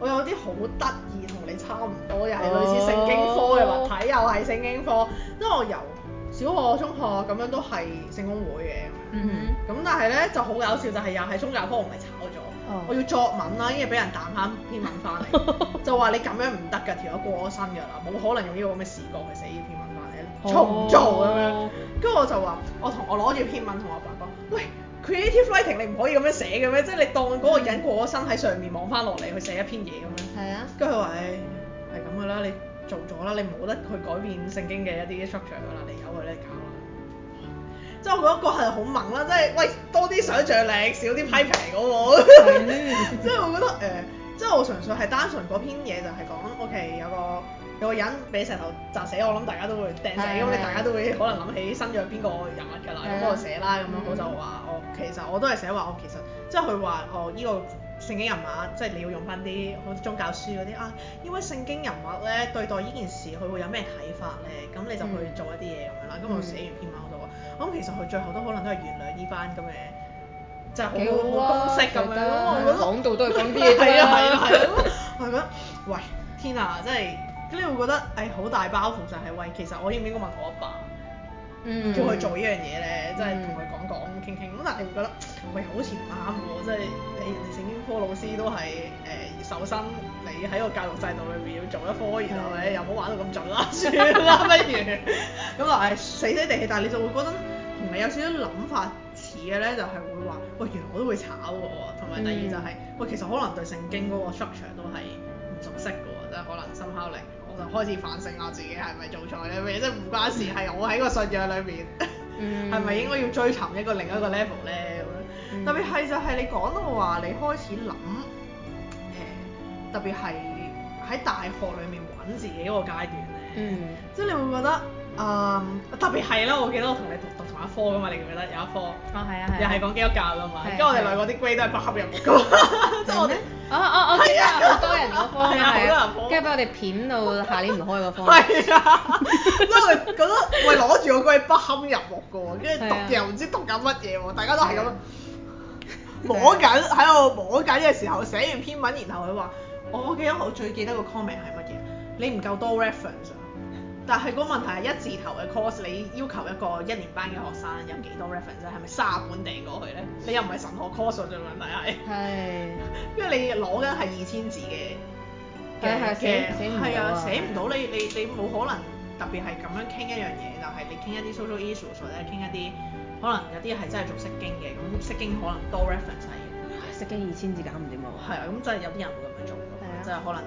我有啲好得意，同你差唔多，又係類似聖經科嘅話題，oh. 又係聖經科。因為我由小學、中學咁樣都係聖公會嘅咁、mm hmm. 但係呢就好搞笑，就係、就是、又係宗教科，我咪炒咗。Oh. 我要作文啦，因為俾人彈返篇文翻嚟，oh. 就話你咁樣唔得㗎，條友過咗身㗎啦，冇可能用呢個咁嘅視角去寫篇文翻嚟，重做咁、oh. 樣。跟住我就話，我同我攞住篇文，同我爸爸講喂。creative writing 你唔可以咁樣寫嘅咩？即係你當嗰個人過咗身喺上面望翻落嚟去寫一篇嘢咁樣。係啊。跟住佢話：唉，係咁嘅啦，你做咗啦，你冇得去改變聖經嘅一啲 structure 啦，你由佢嚟搞啦。即係我覺得嗰係好猛啦，即係喂多啲想像力，少啲批評嗰個。係，即係我覺得誒，即係我純粹係單純嗰篇嘢就係講，OK 有個。有個人俾石頭砸死，我諗大家都會掟死。咁你大家都會可能諗起身著邊個人物㗎啦，咁我度寫啦，咁樣我就話我其實我都係寫話我其實即係佢話哦，呢個聖經人物，即係你要用翻啲好宗教書嗰啲啊，呢位聖經人物咧對待呢件事佢會有咩睇法咧？咁你就去做一啲嘢咁樣啦。咁我寫完篇文我就話，我諗其實佢最後都可能都係原諒呢班咁嘅，就係好好公式咁樣咯。講到都係咁啲嘢，係咯係咯係咯，喂，天啊，真係～咁你會覺得，誒、欸、好大包袱就係、是、喂，其實我應唔應該問我阿爸，爸，叫佢、嗯、做呢樣嘢咧，即係同佢講講傾傾。咁但係你會覺得，唔係好似啱喎，即係你人哋聖經科老師都係誒受薪，呃、你喺個教育制度裏面要做一科，然後你又冇玩到咁盡啦，算啦不 如，咁啊誒死死地氣。但係你就會覺得同你有少少諗法似嘅咧，就係、是、會話，喂，原來我都會炒嘅喎，同埋第二就係、是，嗯、喂，其實可能對聖經嗰個 structure 都係唔熟悉嘅喎，即係可能深刻力。開始反省我、啊、自己係咪做錯咧？咩即係唔關事，係我喺個信仰裏面、 mm，係、hmm. 咪應該要追尋一個另一個 level 咧？咁、mm hmm. 特別係就係你講到話，你開始諗誒、呃，特別係喺大學裏面搵自己個階段咧。嗯、mm，即、hmm. 你會,會覺得。啊，特別係啦，我記得我同你讀讀同一科噶嘛，你記唔記得？有一科啊係啊係，又係講基督教噶嘛，跟住我哋兩個啲 grade 都係不堪入目噶，真係啊啊啊！係啊，好多人個科啊，好多人科，跟住俾我哋片到下年唔開個科，係啊，因為覺得喂攞住個 grade 不堪入目噶喎，跟住讀又唔知讀緊乜嘢喎，大家都係咁摸緊喺度摸緊嘅時候寫完篇文，然後佢話，我記得我最記得個 comment 係乜嘢？你唔夠多 reference。但係嗰問題係一字頭嘅 course，你要求一個一年班嘅學生有幾多 reference？係咪三本掟過去咧？你又唔係神學 course，所以問題係，係，因為你攞緊係二千字嘅嘅嘅，係啊，寫唔到你你你冇可能特別係咁樣傾、啊啊啊、一樣嘢，就係你傾一啲 social issues 或者傾一啲可能有啲係真係做釋經嘅，咁釋經可能多 reference 啲。釋經二千字搞唔掂喎。係啊，咁真係有啲人會咁樣做，就係可能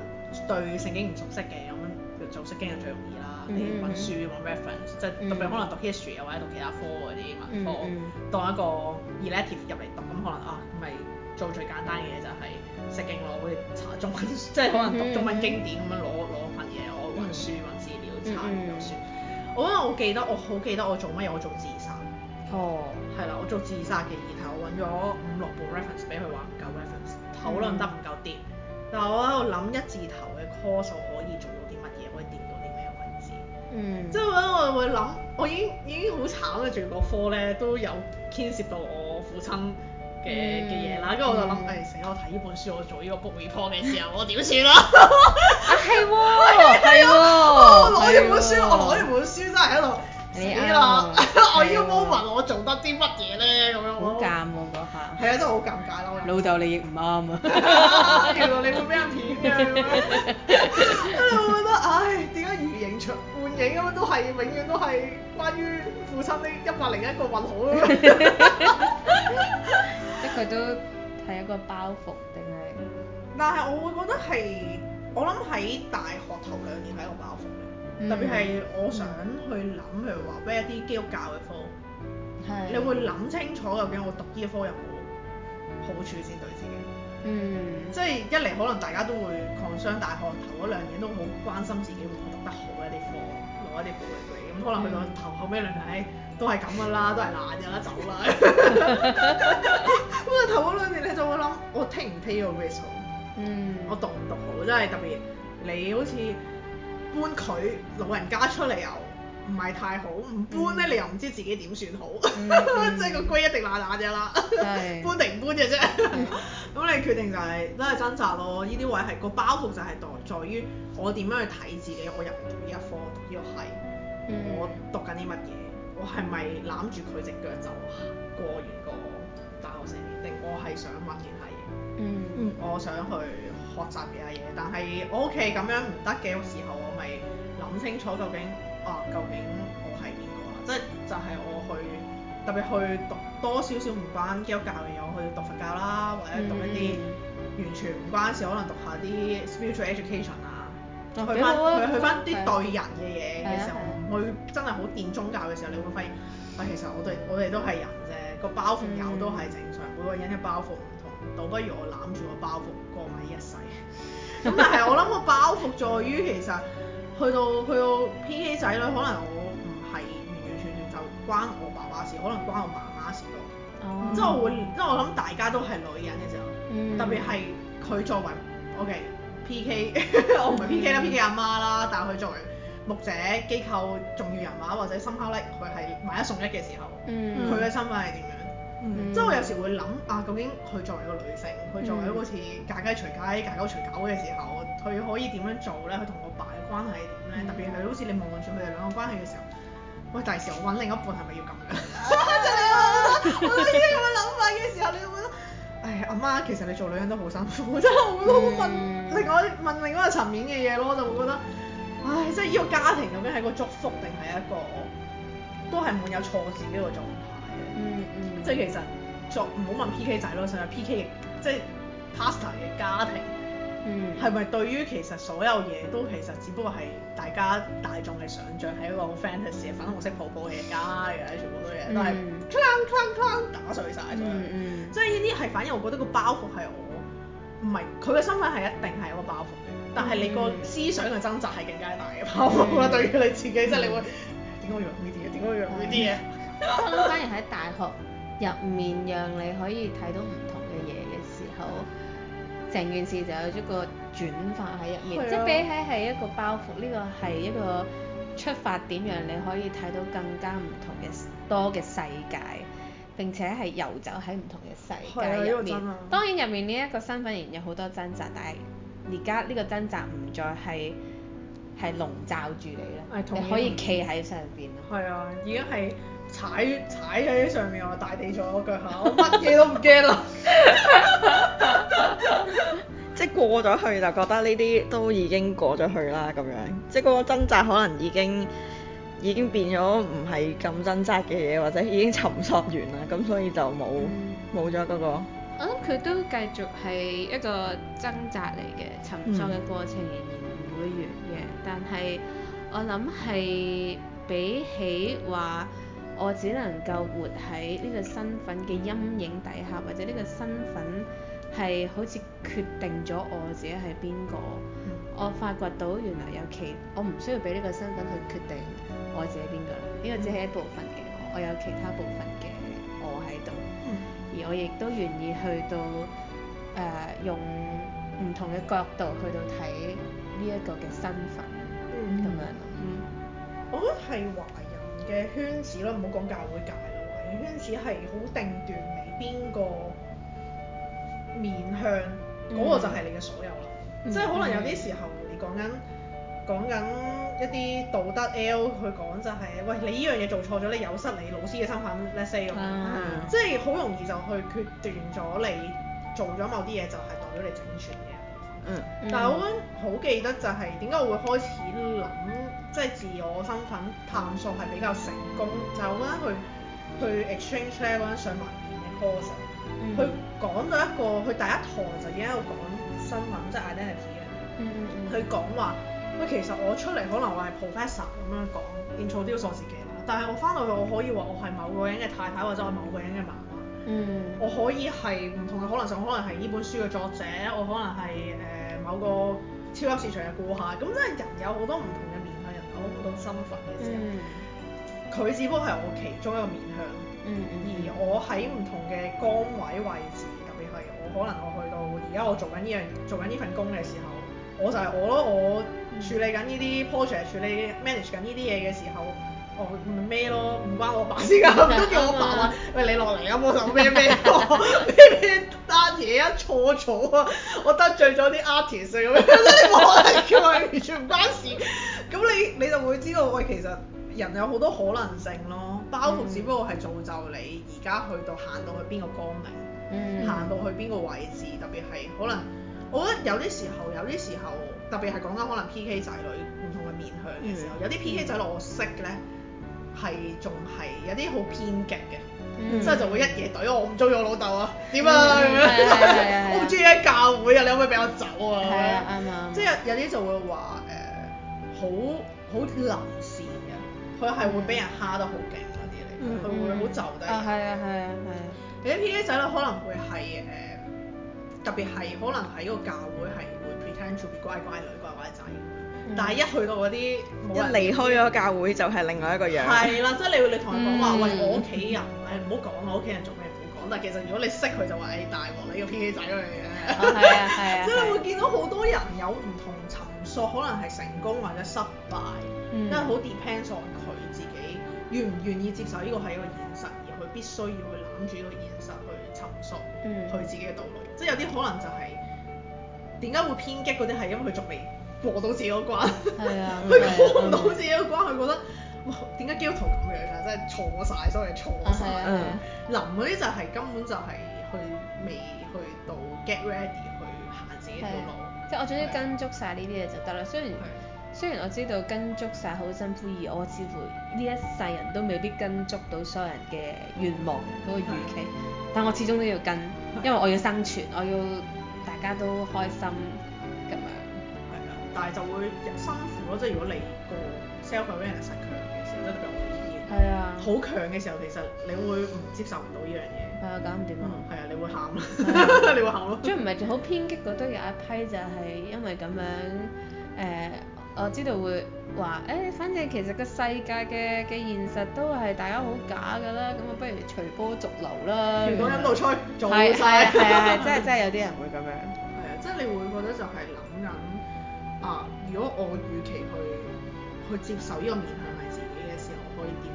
對聖經唔熟悉嘅咁樣。做識經就最容易啦，你揾、mm hmm. 欸、書揾 reference，mm hmm. 即係特別可能讀 history 啊或者讀其他科嗰啲文科，mm hmm. 當一個 relative 入嚟讀，咁可能啊咪做最簡單嘅嘢就係、是、識經攞去查中文，mm hmm. 即係可能讀中文經典咁樣攞攞份嘢，mm hmm. 我揾書揾資料查嗰啲書。Mm hmm. 我覺得我記得我好記得我做乜嘢，我做自殺。哦。係啦，我做自殺嘅議題，我揾咗五六部 reference 俾佢，唔夠 reference、mm hmm. 討論得唔夠啲，但係我喺度諗一字頭嘅科 o 可以做。即係我我會諗，我已經已經好慘啦，住個科咧都有牽涉到我父親嘅嘅嘢啦。跟住我就諗，唉死！我睇呢本書，我做呢個 book report 嘅時候，我點算啦，啊係喎，係喎，我攞呢本書，我攞呢本書真係喺度死啦！我呢 moment 我做得啲乜嘢咧？咁樣好尷尬嗰下。係啊，真係好尷尬咯。老豆，你亦唔啱啊！原來你會俾人騙嘅，咁樣跟住我覺得唉。你樣都係永遠都係關於父親的一百零一個問號咯。即係都係一個包袱定係？但係我會覺得係，我諗喺大學頭兩年係一個包袱，mm hmm. 特別係我想去諗，譬如話畀一啲基督教嘅科，mm hmm. 你會諗清楚究竟我讀呢一科有冇好處先對自己。嗯、mm。Hmm. 即係一嚟可能大家都會 concern，大學頭嗰兩年都好關心自己會唔會讀得好一啲科。我哋冇嚟咁可能去到頭後尾，兩年都係咁噶啦，都係爛嘅啦，走啦。咁啊頭嗰裏面你就會諗，我聽唔聽個嘅數？嗯，我讀唔讀好？真係特別。你好似搬佢老人家出嚟又唔係太好，唔搬咧，嗯、你又唔知自己點算好，即係、嗯嗯、 個龜一定爛爛啫啦，是 搬定唔搬嘅啫，咁、嗯、 你決定就係、是、都係掙扎咯。呢啲位係個包袱就係在在於我點樣去睇自己，我入唔到呢一科，要依系，我讀緊啲乜嘢，嗯、我係咪攬住佢隻腳就過完個大學四年，定我係想問其他嘢？嗯，我想去學習嘅嘢，但係我屋企咁樣唔得嘅時候，我咪諗清楚究竟。啊，究竟我係邊個啦？即係就係我去特別去讀多少少唔關基督教嘅嘢，我去讀佛教啦，或者讀一啲完全唔關事，可能讀下啲 spiritual education 啊，哦、去翻去去翻啲對人嘅嘢嘅時候，唔去、啊、真係好掂宗教嘅時候，啊啊、你會發現啊，其實我哋我哋都係人啫，個包袱有都係正常，嗯、每個人嘅包袱唔同，倒不如我攬住個包袱過埋呢一世。咁但係我諗個包袱在於其實。去到去到 P.K. 仔女可能我唔係完完全全就關我爸爸事，可能關我媽媽事咯哦。然之後會，因為我諗大家都係女人嘅時候，mm. 特別係佢作為 O.K. P.K. 我唔係、mm. P.K. 啦，P.K. 阿媽啦，但係佢作為牧者機構重要人物或者深口叻，佢係買一送一嘅時候，佢嘅、mm. 身份係點樣嗯。Mm. 即係我有時會諗啊，究竟佢作為一個女性，佢作為好似嫁雞隨雞、嫁狗隨狗嘅時候，佢可以點樣做咧？佢同我爸。關係點咧？特別係好似你望住佢哋兩個關係嘅時候，喂！第時候揾另一半係咪要咁樣？真係啊！我呢啲咁嘅諗法嘅時候，你都會覺得，唉，阿媽，其實你做女人都好辛苦，我真係好多問另外問另一個層面嘅嘢咯，我就會覺得，唉！即係呢個家庭究竟係個祝福定係一個都係滿有錯字嘅一個狀態嘅、嗯。嗯嗯。即係其實作唔好問 P K 仔咯，想問 P K，即係 pastor 嘅家庭。嗯，係咪對於其實所有嘢都其實只不過係大家大眾嘅想像係一個好 fantasy 嘅、嗯、粉紅色泡泡嘅嘢㗎嘅，全部都嘢，都係掄掄掄打碎晒咗。嗯嗯。即係呢啲係反而我覺得個包袱係我，唔係佢嘅身份係一定係一個包袱嘅，嗯、但係你個思想嘅掙扎係更加大嘅。包袱、嗯。得 對於你自己真係、嗯、會點解會用呢啲嘢？點解會用呢啲嘢？我諗對 反而喺大學入面讓你可以睇到唔同嘅嘢嘅時候。成件事就有咗個轉化喺入面，啊、即比起係一個包袱，呢、呢個係一個出發點，讓、嗯、你可以睇到更加唔同嘅多嘅世界，並且係遊走喺唔同嘅世界入面。啊這個、當然入面呢一個身份仍然有好多掙扎，但係而家呢個掙扎唔再係係籠罩住你咯，你可以企喺上邊咯。係啊，已經係踩踩喺上面，我大地在我腳下，我乜嘢都唔驚啦。 即係過咗去就覺得呢啲都已經過咗去啦咁樣，即係嗰個掙扎可能已經已經變咗唔係咁掙扎嘅嘢，或者已經尋索完啦，咁所以就冇冇咗嗰個。我諗佢都繼續係一個掙扎嚟嘅，尋索嘅過程仍然唔會完嘅，嗯、但係我諗係比起話我只能夠活喺呢個身份嘅陰影底下，嗯、或者呢個身份。係好似決定咗我自己係邊個，嗯、我發掘到原來有其，我唔需要俾呢個身份去決定我自己邊個啦，呢個只係一部分嘅我，我有其他部分嘅我喺度，嗯、而我亦都願意去到誒、呃、用唔同嘅角度去到睇呢一個嘅身份咁、嗯、樣。嗯嗯、我覺得係華人嘅圈子咯，唔好講教會界啦，華人圈子係好定斷你邊個。面向嗰、那個就係你嘅所有啦，嗯、即係可能有啲時候你講緊講緊一啲道德 L 去講就係、是，喂，你呢樣嘢做錯咗，你有失你老師嘅身份，let’s say 咁即係好容易就去決斷咗你做咗某啲嘢就係代表你整串嘅。嗯、但係我好記得就係點解我會開始諗，即、就、係、是、自我身份探索係比較成功，嗯、就係我覺得去，去、嗯、去 exchange 咧嗰陣上萬年嘅 course。佢 講咗一個，佢第一堂就已經喺度講身份，即係 identity 嘅。佢 講話，喂，其實我出嚟可能 or，我係 professor 咁樣講，introduce 我自己啦。但係我翻到去，我可以話我係某個人嘅太太，或者我某個人嘅媽媽。嗯。 我可以係唔同嘅可能性，可能係呢本書嘅作者，我可能係誒、呃、某個超級市場嘅顧客。咁即係人有好多唔同嘅面，佢 人有好多身份嘅時候。 佢只不過係我其中一個面向，嗯、而我喺唔同嘅崗位位置，特別係我可能我去到而家我做緊呢樣做緊呢份工嘅時候，我就係我咯。我處理緊呢啲 project，處理 manage 緊呢啲嘢嘅時候，我咩咯，唔關我爸事㗎，都叫我爸話，啊啊啊，喂你落嚟啊，我就咩咩錯咩咩啊嘢啊錯錯啊，我得罪咗啲 artist 咁樣，你冇嚟㗎，完全唔關事。咁你你就會知道，喂其實。人有好多可能性咯，包袱只不過係造就你而家去到行到去邊個光明，行到去邊個位置。特別係可能，我覺得有啲時候，有啲時候特別係講緊，可能 P K 仔女唔同嘅面向嘅時候，有啲 P K 仔女我識嘅咧，係仲係有啲好偏激嘅，即係就會一夜懟我唔中意我老豆啊，點啊咁樣，我唔中意喺教會啊，你可唔可以俾我走啊？係啊，啱啱。即係有啲就會話誒，好好冷戰嘅。佢係會俾人蝦得好勁嗰啲嚟，佢會好就低。啊係啊係啊係啊！你啲 PK 仔女可能會係誒，特別係可能喺個教會係會 pretend 做乖乖女、乖乖仔，但係一去到嗰啲，一離開咗教會就係另外一個樣。係啦，即係你你同佢講話，喂我屋企人誒唔好講，我屋企人做咩唔好講，但係其實如果你識佢就話，誒大鑊你個 PK 仔女嚟嘅。係啊係啊，即係你會見到好多人有唔同層。可能係成功或者失敗，mm. 因為好 depends on 佢自己願唔願，願意接受呢個係一個現實，而佢必須要去攬住呢個現實去尋索佢自己嘅道路。Mm. 即係有啲可能就係點解會偏激嗰啲係因為佢仲未過到自己個關，啊、mm.，佢、嗯、過唔到自己個關，佢覺得哇點解基督徒咁樣啊，真係錯晒，所有嘢錯曬。嗱，嗰啲就係、是、根本就係去未去到 get ready 去行自己條路。Mm. Mm. 即我總之跟足晒呢啲嘢就得啦。雖然的雖然我知道跟足晒好辛苦，而我似乎呢一世人都未必跟足到所有人嘅願望、嗰個預期，的但我始終都要跟，因為我要生存，我要大家都開心咁樣，係啊，但係就會辛苦咯。即係如果你個 selfishness。好強嘅時候，其實你會唔接受唔到呢樣嘢。係啊，搞唔掂啊！係啊，sì, 對你會喊啦，你會喊咯。即係唔係好偏激？覺得有一批就係、是、因為咁樣誒、呃，我知道會話誒、欸，反正其實個世界嘅嘅現實都係大家好假㗎啦，咁我不如隨波逐流啦。如果忍到吹，做曬係係係，真係即係有啲人會咁樣。係啊，即係、oui、是你會覺得就係諗緊啊，如果我預期去去接受呢個面向係自己嘅時候，我可以點？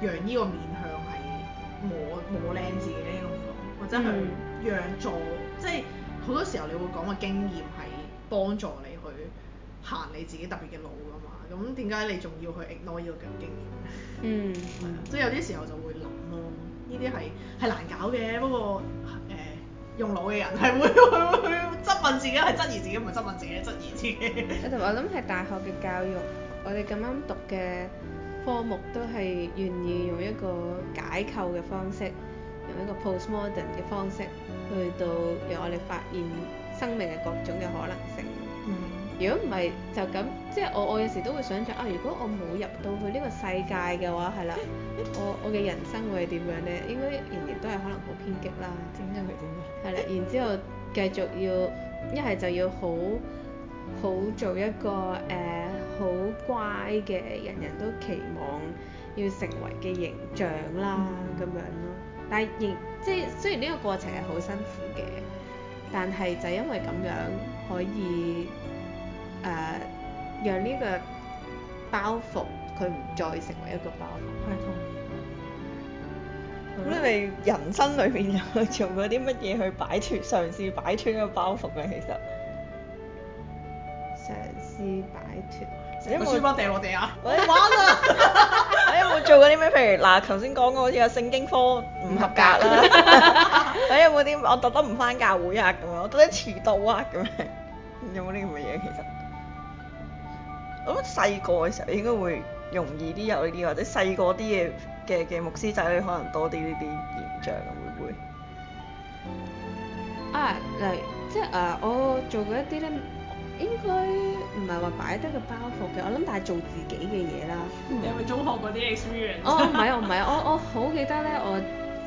讓呢個面向係磨磨靚自己呢個，或者去讓座。嗯、即係好多時候你會講個經驗係幫助你去行你自己特別嘅路噶嘛，咁點解你仲要去 ignore 呢個嘅經驗？嗯，係啊對，嗯、即係有啲時候就會諗咯，呢啲係係難搞嘅，不過誒、呃、用腦嘅人係會去去去質問自己，係質疑自己唔係質問自己，質疑自己。自己自己 我同我諗係大學嘅教育，我哋咁啱讀嘅。科目都係願意用一個解構嘅方式，用一個 postmodern 嘅方式去到，讓我哋發現生命嘅各種嘅可能性。嗯。如果唔係就咁，即係我我有時都會想象啊，如果我冇入到去呢個世界嘅話，係啦，我我嘅人生會係點樣呢？應該仍然都係可能好偏激啦，點樣去點樣？係啦，然之後繼續要一係就要好好做一個誒。好乖嘅，人人都期望要成為嘅形象啦，咁、嗯、樣咯。但係，亦即係雖然呢個過程係好辛苦嘅，但係就因為咁樣可以誒、呃，讓呢個包袱佢唔再成為一個包袱。係同意。咁你哋人生裏面有做過啲乜嘢去擺脱， 嘗試擺脱個包袱呢？其實， 嘗試擺脱。有冇書包掟我掟啊！哎玩啊！哎有冇做過啲咩？譬如嗱，頭先講嗰啲啊，聖經科唔合格啦。哎有冇啲我特登唔返教會啊？咁樣我特登遲到啊？咁樣有冇呢啲咁嘅嘢？其實我覺得細個嘅時候應該會容易啲有呢啲，或者細個啲嘅嘅嘅牧師仔女可能多啲呢啲現象會唔會？啊嚟即係啊，我做過一啲咧，應該。唔係話擺低個包袱嘅，我諗但係做自己嘅嘢啦。你係咪中學嗰啲 experience？哦唔係，我唔係，我我好記得咧，我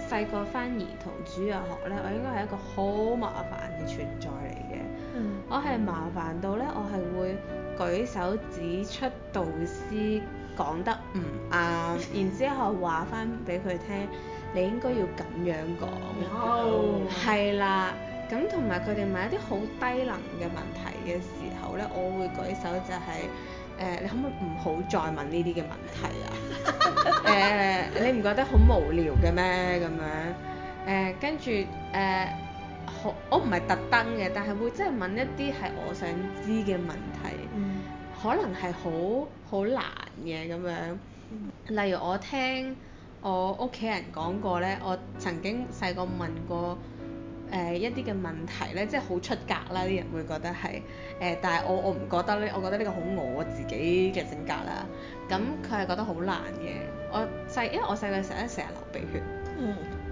細個翻兒童主日學咧，我應該係一個好麻煩嘅存在嚟嘅。嗯。我係麻煩到咧，我係會舉手指出導師講得唔啱，然之後話翻俾佢聽，你應該要咁樣講。哦。係啦。咁同埋佢哋問一啲好低能嘅問題嘅時候呢，我會舉手就係、是、誒、呃，你可唔可以唔好再問呢啲嘅問題啊？誒、 呃，你唔覺得好無聊嘅咩？咁樣誒，跟住誒，好，我我唔係特登嘅，但係會真係問一啲係我想知嘅問題，嗯、可能係好好難嘅咁樣。例如我聽我屋企人講過呢，我曾經細個問過。誒、呃、一啲嘅問題咧，即係好出格啦，啲人會覺得係誒，但係我我唔覺得咧，我覺得呢個好我自己嘅性格啦。咁佢係覺得好難嘅。我細，因為我細個時咧成日流鼻血，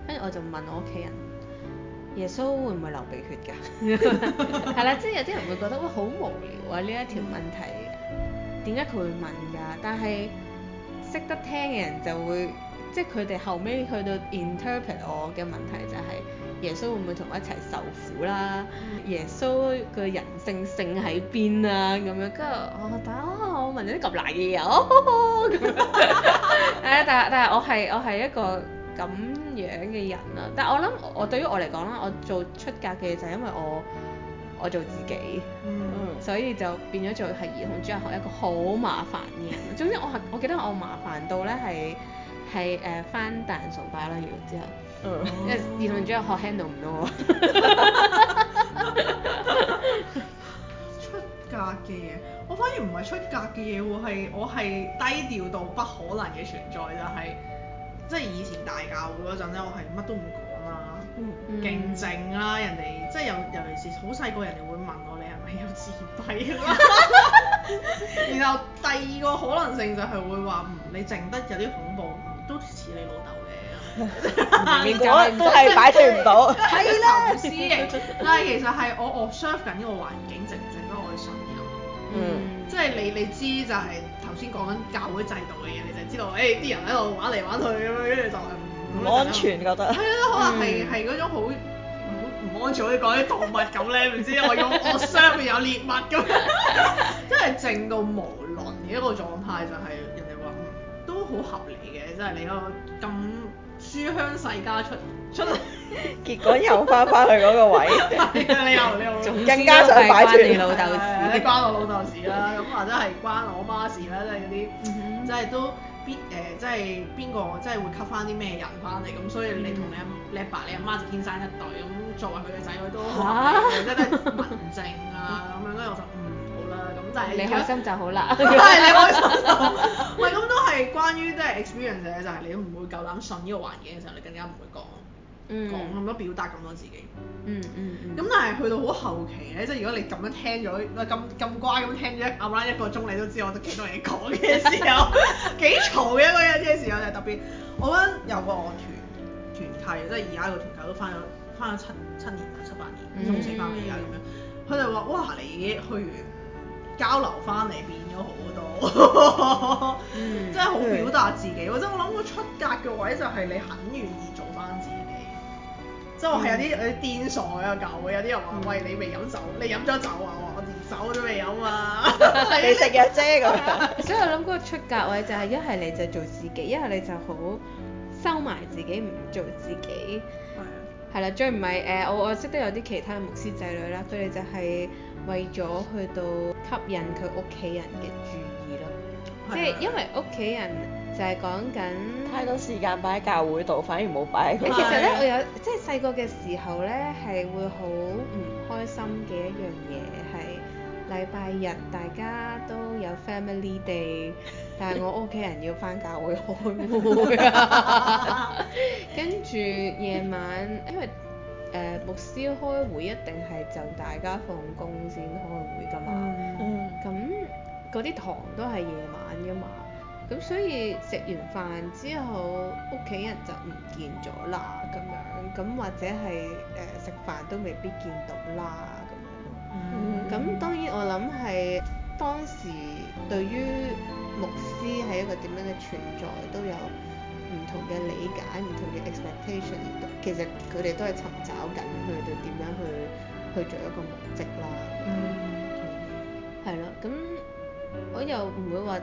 跟住我就問我屋企人，耶穌會唔會流鼻血㗎？係啦，即係有啲人會覺得哇好無聊啊，呢一條問題，點解佢會問㗎？但係識得聽嘅人就會。即係佢哋後尾去到 interpret 我嘅問題就係耶穌會唔會同我一齊受苦啦？嗯、耶穌嘅人性性喺邊啊？咁樣，跟住我答我問你啲咁難嘅嘢，咁、哦、啊！ 但係但係我係我係一個咁樣嘅人啊。但係我諗我對於我嚟講啦，我做出格嘅就係因為我我做自己，嗯、所以就變咗做係兒童主日學一個好麻煩嘅人。總之我係我記得我麻煩到咧係。係誒翻大崇拜啦，然之後，誒因為兒童主日學 handle 唔到我。 出格嘅嘢，我反而唔係出格嘅嘢喎，係我係低調到不可能嘅存在，就係即係以前大教會嗰陣咧，我係乜都唔講啦，勁靜啦，人哋即係尤尤其是好細個，人哋會問我你係咪有自閉啦？然後第二個可能性就係會話你靜得有啲恐怖。都似你老豆嘅，都係擺脫唔到，係咧。但係其實係我我 observe 跟住個環境正唔正，都我可以信任。嗯。即係你你知，就係頭先講緊教會制度嘅嘢，你就知道誒啲人喺度玩嚟玩去咁樣，跟住就唔安全覺得。係咯，可能係係嗰種好唔安全，可以講啲動物咁咧，唔知話用 observe 有獵物咁樣，即係正到無倫嘅一個狀態，就係人哋話都好合理真係你嗰個咁書香世家出出嚟，結果又翻返去嗰個位，更加想擺住你老豆事，你關我老豆事啦，咁或者係關我媽的事啦、 嗯，即係啲、呃，即係都必誒，即係邊個即係會吸翻啲咩人翻嚟咁？ 所以你同你阿你阿爸，爸、你阿媽，媽就天生一對咁。作為佢嘅仔，佢都真係 文靜啊咁樣。嗰陣。你開心就好啦，係你開心，喂咁都係關於即係 experience 嘅，就係、是、你唔會夠膽信呢個環境嘅時候，你更加唔會講講咁多表達咁多自己。嗯嗯，咁但係去到好後期咧，即係如果你咁樣聽咗咁咁乖咁聽咗啱啱一個鐘，你都知我得幾多嘢講嘅時候，幾嘈嘅一個人嘅時候，就係、特別。我覺得有個我團團契，即係而家個團契都翻咗翻咗七七年啦，七八年都冇死翻嚟而家咁樣。佢哋話：哇，你已經去完。嗯交流翻嚟變咗好多，嗯，真係好表達自己。嗯、我真係我諗嗰出格嘅位就係你肯願意做翻自己，即係、嗯、我係有啲有啲癲傻啊，教會有啲人話，喂，你未飲酒，你飲咗酒啊，我連酒都未飲啊。 你食嘅啫咁樣。所以我諗嗰個出格位就係一係你就做自己，一係你就好收埋自己唔做自己，係啦對，最唔係誒我我識得有啲其他嘅牧師仔女咧，對你就係、是。為咗去到吸引佢屋企人嘅注意咯，嗯、即係因為屋企人就係講緊太多時間擺喺教會度，反而冇擺喺度。其實咧，我有即係細個嘅時候咧，係會好唔開心嘅一樣嘢，係禮拜日大家都有 family day，但係我屋企人要翻教會開會，啊， 跟住夜晚因為。誒、呃、牧師開會一定係就大家放工先開會㗎嘛，咁嗰啲堂都係夜晚㗎嘛，咁所以食完飯之後屋企人就唔見咗啦咁、嗯、樣，咁或者係誒食飯都未必見到啦咁樣，咁、嗯嗯、當然我諗係當時對於牧師係一個點樣嘅存在都有唔同嘅理解，唔同嘅 expectation，其實佢哋都係尋找緊佢哋點樣去去做一個目的啦。Mm hmm. 嗯。係咯，咁我又唔會話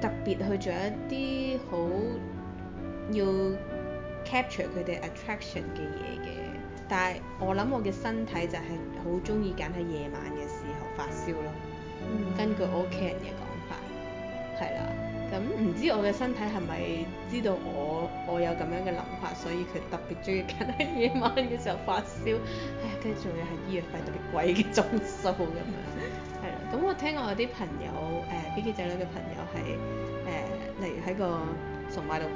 特別去做一啲好要 capture 佢哋 attraction 嘅嘢嘅。但係我諗我嘅身體就係好中意揀喺夜晚嘅時候發燒咯。Mm hmm. 根據我屋企人嘅講法，係啦。咁唔知我嘅身體係咪知道我是是知道我，我有咁樣嘅諗法，所以佢特別中意緊喺夜晚嘅時候發燒。唉、哎，跟住仲要係醫藥費特別貴嘅鐘數咁樣，係啦。咁我聽我有啲朋友誒、呃、B B 仔女嘅朋友係誒、呃，例如喺個崇拜度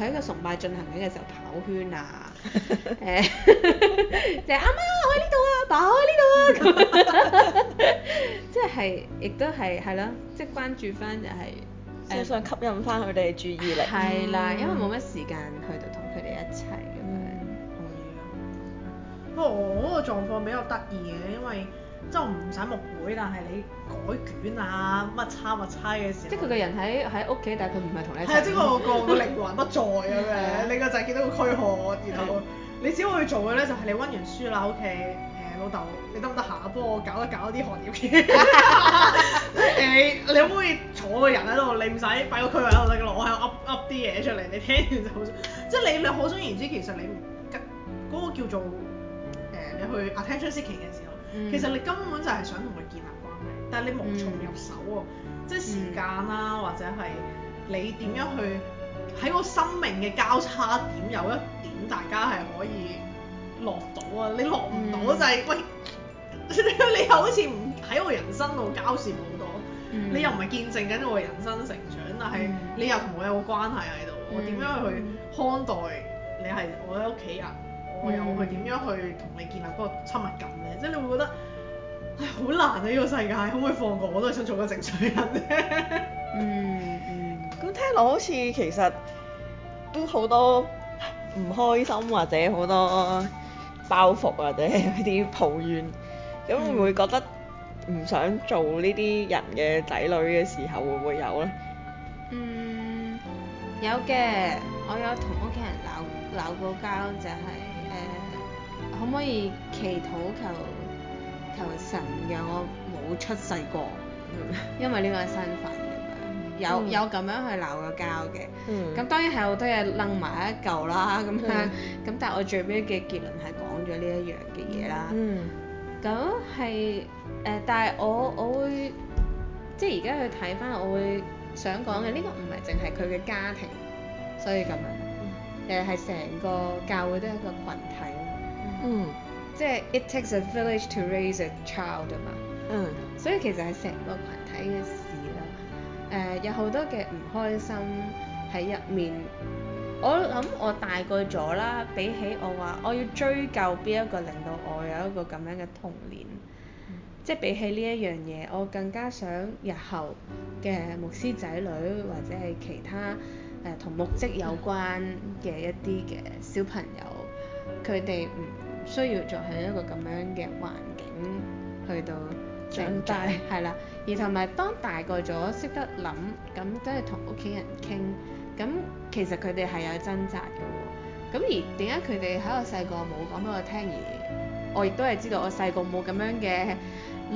喺一個崇拜進行緊嘅時候跑圈啊，誒、 就是，即係阿媽，媽我喺呢度啊，爸我喺呢度啊，咁 即係亦都係係咯，即係、就是、關注翻就係、是。想想吸引翻佢哋嘅注意力的，係啦，因為冇乜時間去到同佢哋一齊咁樣。可以啊，不過我嗰個狀況比較得意嘅，因為即係我唔使牧會，但係你改卷啊，乜叉乜叉嘅時候。即係佢個人喺喺屋企，但係佢唔係同你一齊的。係啊，即係我個個靈魂不在咁樣， 你個仔見到個軀殼，然後是的 你只可以做嘅咧就係你温完書啦，屋企。老豆，你得唔得閒幫我搞一搞啲行業嘅？你可唔可以坐個人喺度？你唔使擺個區域喺度得嘅咯，我喺度噏噏啲嘢出嚟，你聽完就好。即係你，你好想而知，其實你根嗰、嗰個叫做誒、呃，你去 attention seeking 嘅時候，mm. 其實你根本就係想同佢建立關係，但係你無從入手喎。Mm. 即係時間啦、啊，mm. 或者係你點樣去喺個生命嘅交叉點有一點大家係可以。落到啊！你落唔到就係、是嗯、喂，你又好似唔喺我人生度交涉好多，嗯、你又唔係見證緊我人生成長，嗯、但係你又同我有個關係喺度，嗯、我點樣去看待你係我嘅屋企人？嗯、我又去點樣去同你建立嗰個親密感呢？即係、嗯、你會覺得唉好難啊！呢、呢個世界可唔可以放過我都係想做個正常人咧、 嗯？嗯嗯。咁聽落好似其實都好多唔開心或者好多～包袱或者一啲抱怨，咁、嗯、會唔會覺得唔想做呢啲人嘅仔女嘅時候會唔會有咧？嗯，有嘅，我有同屋企人鬧鬧過交，就係、是、誒、呃，可唔可以祈禱求求，求神讓我冇出世過？嗯、因為呢個身份咁樣，有、嗯、有咁樣去鬧過交嘅。咁、嗯、當然係好多嘢楞埋一嚿啦，咁樣。咁、嗯，但係我最屘嘅結論係。嘅呢一樣嘅嘢啦，嗯，咁係誒，但係我我會即係而家去睇返，我會想講嘅呢個唔係淨係佢嘅家庭，所以咁樣，其實係成個教會都係一個群體，嗯，即係 It takes a village to raise a child 啊嘛，嗯，所以其實係成個群體嘅事啦，誒、呃、有好多嘅唔開心喺入面。我諗我大個咗啦，比起我話我要追究邊一個令到我有一個咁樣嘅童年，嗯、即係比起呢一樣嘢，我更加想日後嘅牧師仔女或者係其他誒同、呃、牧職有關嘅一啲嘅小朋友，佢哋唔需要再喺一個咁樣嘅環境去到長大，係長大 啦。而同埋當大個咗識得諗，咁、嗯、都係同屋企人傾。咁其實佢哋係有掙扎㗎喎。咁而點解佢哋喺我細個冇講俾我聽？而我亦都係知道我細個冇咁樣嘅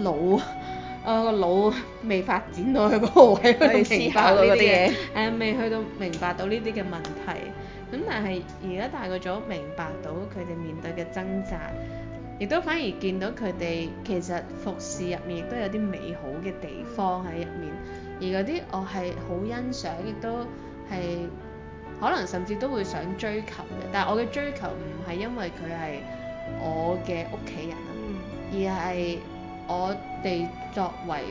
腦、哦，我個腦未發展到去嗰個位佢哋思考呢啲嘢。誒、 啊，未去到明白到呢啲嘅問題。咁但係而家大個咗，明白到佢哋面對嘅掙扎，亦都反而見到佢哋其實服侍入面都有啲美好嘅地方喺入面。而嗰啲我係好欣賞，亦都。係可能甚至都會想追求嘅，但係我嘅追求唔係因為佢係我嘅屋企人啊，嗯、而係我哋作為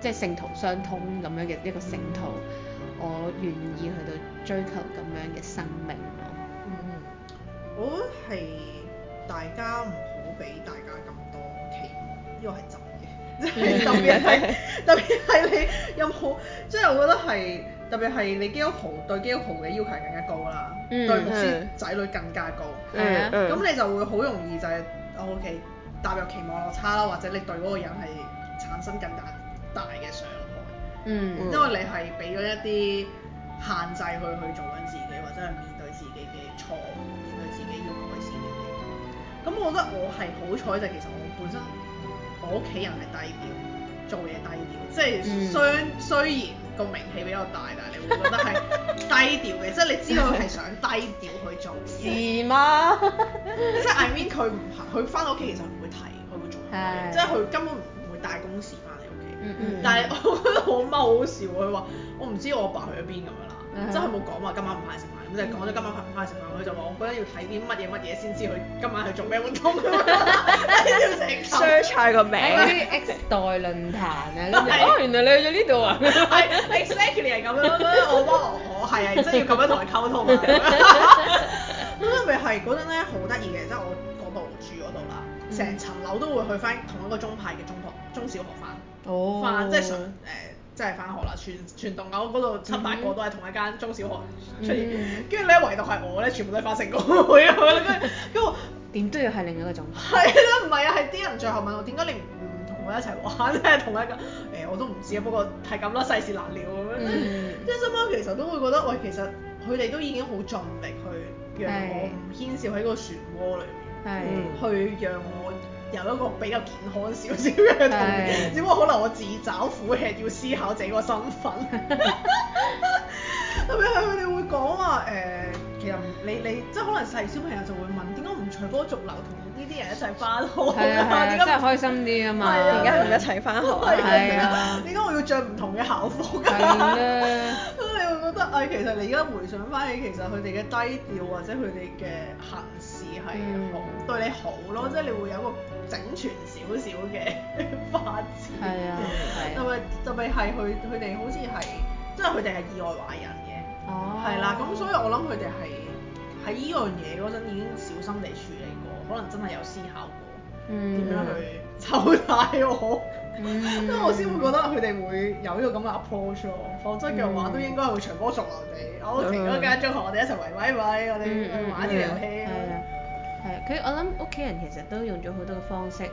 即係聖徒相通咁樣嘅一個聖徒，嗯、我願意去到追求咁樣嘅生命咯。嗯，我覺得係大家唔好俾大家咁多期望，呢、這個係真嘅。 特別係 特別係你有冇？即係我覺得係。特別係你基督徒對基督徒嘅要求係更加高啦，嗯、對牧師仔女更加高，咁、嗯嗯、你就會好容易就 O、係、K.、嗯、踏入期望落差啦，或者你對嗰個人係產生更大大嘅傷害，嗯、因為你係俾咗一啲限制去去做緊自己，或者係面對自己嘅錯誤，面對自己要改善嘅地方。咁我覺得我係好彩就其實我本身我屋企人係低調，做嘢低調，即係雖、嗯、雖然，個名氣比較大，但係你會覺得係低調嘅， 即係你知道佢係想低調去做事。是嗎？ 即係 I mean 佢唔行，佢翻到屋企其實唔會睇，佢會做嘅，即係佢根本唔會帶公事翻嚟屋企。嗯嗯，但係我覺得我媽好笑，佢話：我唔知我阿爸去咗邊咁樣啦，即係佢冇講話今晚唔翻咁就講咗今晚派咩食飯，佢就話：我覺得要睇啲乜嘢乜嘢先知佢今晚去做咩活動，要成 search 個名，啲 X 代論壇啊，哦，原來你去咗呢度啊？係 exactly 係咁樣咯，我幫我係啊，真要咁樣同佢溝通啊！咁樣咪係嗰陣咧，好得意嘅，即係我嗰度住嗰度啦，成層樓都會去翻同一個中派嘅中學、中小學翻，翻即係想誒。真係返學啦！全全棟樓嗰度七八個都係同一間中小學出現，跟住咧唯獨係我咧，全部都係翻成個啊！跟住點都要係另一個種。係啦， 唔係啊，係啲人最後問我點解你唔同我一齊玩咧？同一個誒、欸，我都唔知啊，不過係咁咯，世事難料咁樣。即係心魔其實都會覺得，喂，其實佢哋都已經好盡力去讓我唔牽涉喺個漩渦裡面，mm hmm. 嗯、去讓我，有一個比較健康少少嘅童年，係啊。只不過可能我自找苦吃，要思考自己個身份。咁樣佢哋會講話誒，其實你你，你即係可能細小朋友就會問，點解唔隨波逐流同呢啲人一齊返學？係係，真係開心啲啊嘛！點解唔一齊返學？係啊，點解我要着唔同嘅校服㗎啊？係得，其實你而家回想翻起，其實佢哋嘅低調或者佢哋嘅行事係好、嗯、對你好咯，即係你會有個整全少少嘅發展。係啊、嗯，係、嗯。特別特別係佢佢哋好似係，即係佢哋係意外懷孕嘅。哦。係啦，咁所以我諗佢哋係喺依樣嘢嗰陣已經小心地處理過，可能真係有思考過點、嗯、樣去湊大我。 因為我先會覺得佢哋會有呢個咁嘅 approach 否則嘅話都應該係會隨波逐流地。Okay, 嗯、我前嗰幾分鐘同我哋一齊圍圍圍，我哋去玩啲遊戲。係啊、嗯，係。佢我諗屋企人其實都用咗好多嘅方式，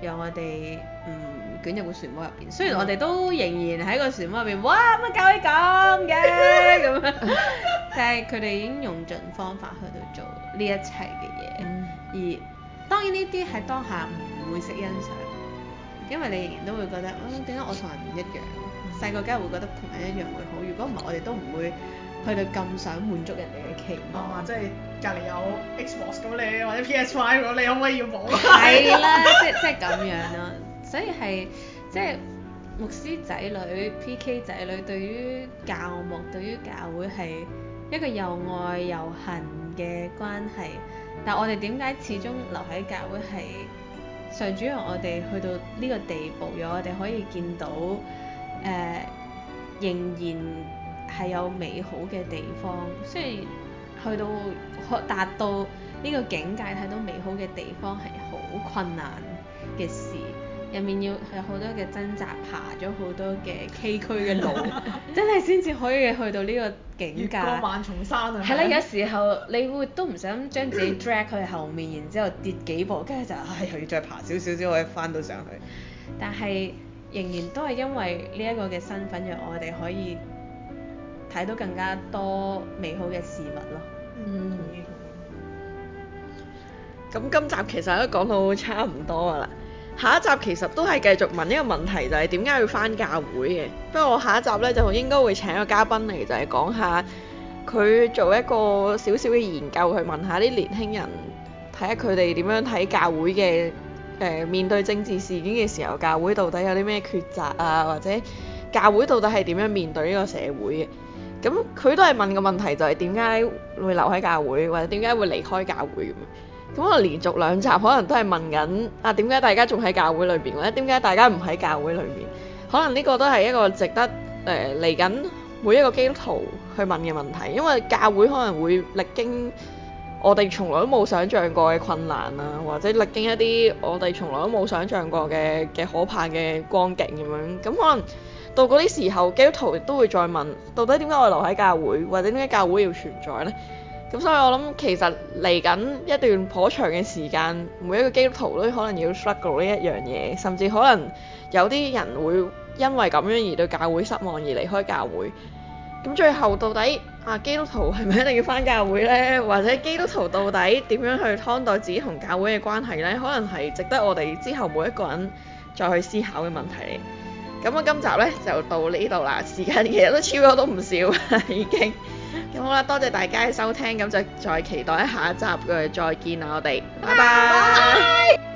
讓我哋唔、嗯、捲入個漩渦入邊。雖然我哋都仍然喺個漩渦入邊，哇，乜教你咁嘅咁樣， 但係佢哋已經用盡方法去到做呢一切嘅嘢。而當然呢啲喺當下唔會識欣賞。嗯嗯因為你仍然都會覺得，啊點解我同人唔一樣？細個梗係會覺得同人一樣會好。如果唔係，我哋都唔會去到咁想滿足人哋嘅期望、啊、即係隔離有 Xbox 咁你，或者 PS Five 咁你，可唔可以要冇？係啦，即即係咁樣咯。所以係即、即係、牧師仔女、PK 仔女對於教牧、對於教會係一個又愛又恨嘅關係。但係我哋點解始終留喺教會係？上主要我哋去到呢個地步，讓我哋可以見到，誒、呃、仍然係有美好嘅地方。雖然以去到可達到呢個境界，睇到美好嘅地方係好困難嘅事。入面要有好多嘅掙扎，爬咗好多嘅崎嶇嘅路， 真係先至可以去到呢個境界。過萬重山係啦， 有時候你會都唔想將自己 drag 去後面，然之後跌幾步，跟住就唉、哎，又要再爬少少先可以翻到上去。 但係仍然都係因為呢一個嘅身份，讓我哋可以睇到更加多美好嘅事物咯。嗯。咁、嗯嗯、今集其實都講到差唔多㗎啦。下一集其實都係繼續問呢個問題，就係點解要返教會嘅。不過我下一集咧就應該會請一個嘉賓嚟，就係講下佢做一個小小嘅研究，去問下啲年輕人睇下佢哋點樣睇教會嘅。誒、呃、面對政治事件嘅時候，教會到底有啲咩抉擇啊？或者教會到底係點樣面對呢個社會嘅？咁佢都係問個問題，就係點解會留喺教會，或者點解會離開教會咁。咁我連續兩集可能都係問緊啊，點解大家仲喺教會裏邊？或者點解大家唔喺教會裏面？可能呢個都係一個值得誒，嚟緊每一個基督徒去問嘅問題，因為教會可能會歷經我哋從來都冇想像過嘅困難啦，或者歷經一啲我哋從來都冇想像過嘅嘅可怕嘅光景咁樣。咁可能到嗰啲時候，基督徒都會再問：到底點解我哋留喺教會，或者點解教會要存在呢？咁所以我諗其實嚟緊一段頗長嘅時間，每一個基督徒都可能要 struggle 呢一樣嘢，甚至可能有啲人會因為咁樣而對教會失望而離開教會。咁最後到底啊基督徒係咪一定要翻教會咧？或者基督徒到底點樣去看待自己同教會嘅關係咧？可能係值得我哋之後每一個人再去思考嘅問題嚟。咁啊，今集咧就到呢度啦，時間其實都超咗都唔少啦，已經。 咁好啦，多謝大家嘅收聽，咁就再期待下一集嘅，再見啦我，我哋，拜拜。